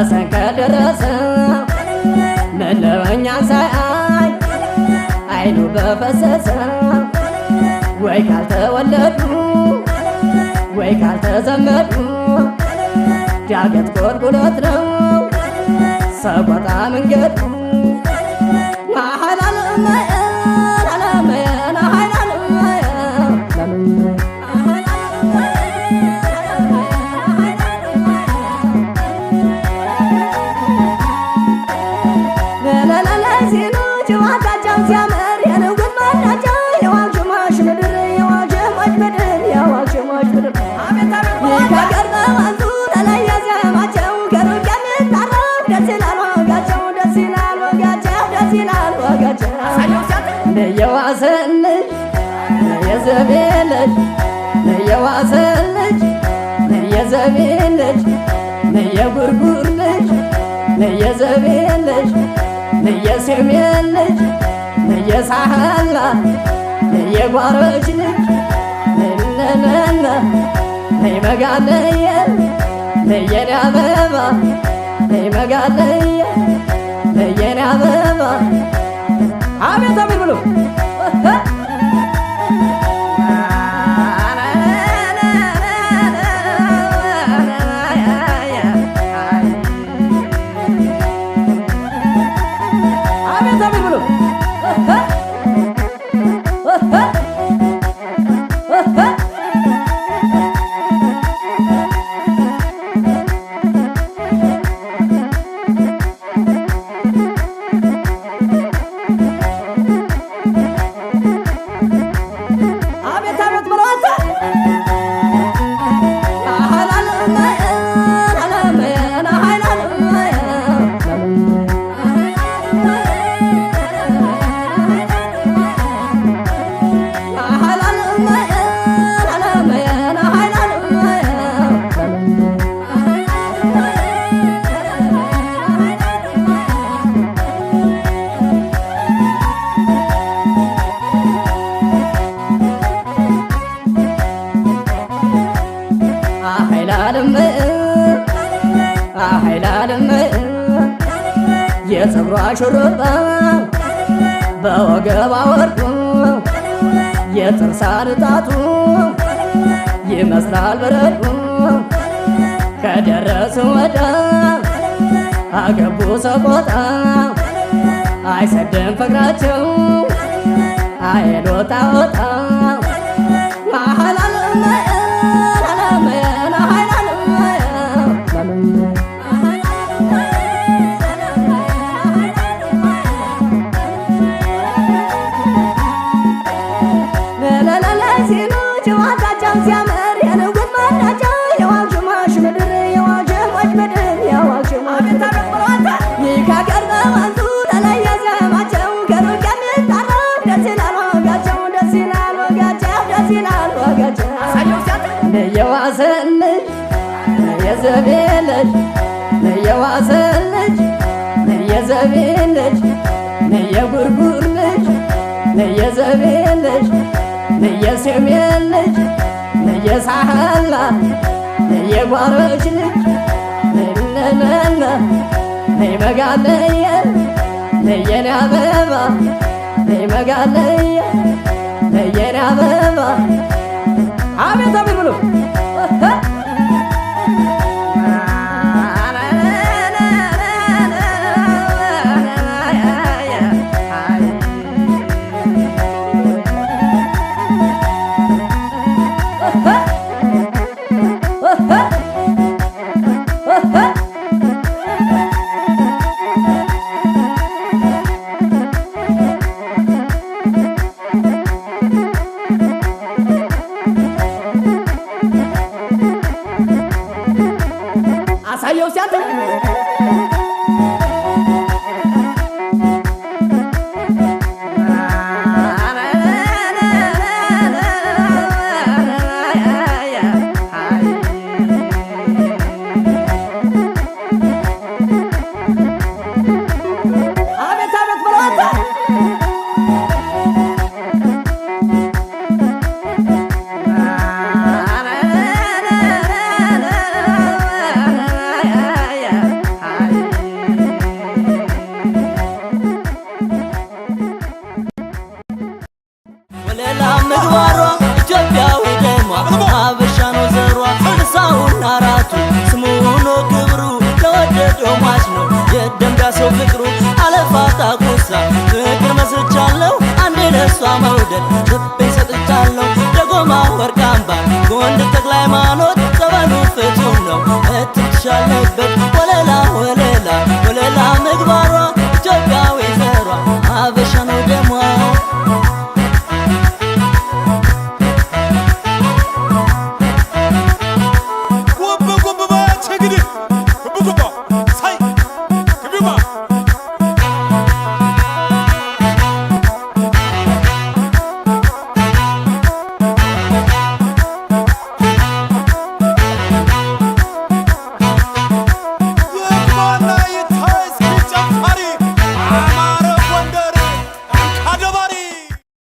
ደረሰን ከደረሰው መለው እኛን ሳያይ አይኑ በፈሰሰው ወይ ካልተወለዱ ወይ ካልተዘመዱ ዳገት ጎልጉለት ነው ሰቆጣ መንገዱ የዘቤን ልጅ የጉርጉር ልጅ የዘቤን ልጅ የሰሜን ልጅ የሳህላ የጓሮች ልጅ ነነነ መጋለየ የኔ አበባ መጋለየ የኔ አበባ አቤት አቤት ብሎ የፀጉሯ ሹሩባ በወገቧ ወርቁ የጥርሳ ንጣቱ ይመስላል በረዶ ከደረሱ ወዳ አገቡ ሰቆጣ ፍቅራቸው ወጣ የዋዘልጅ የዘቤልጅ የዋዘልጅ የዘቤልጅ የጉርጉር ልጅ የዘቤልጅ የሴሜልጅ የሳህላ የጓሮች ልጅ የኔ አበባ መጋለየ የኔ አበባ ለመውደድ ልቤ ሰጥቻለሁ ወርቅ አምባር ጎንደር ተክለ ሃይማኖት ፍጹም ነው እትሻለ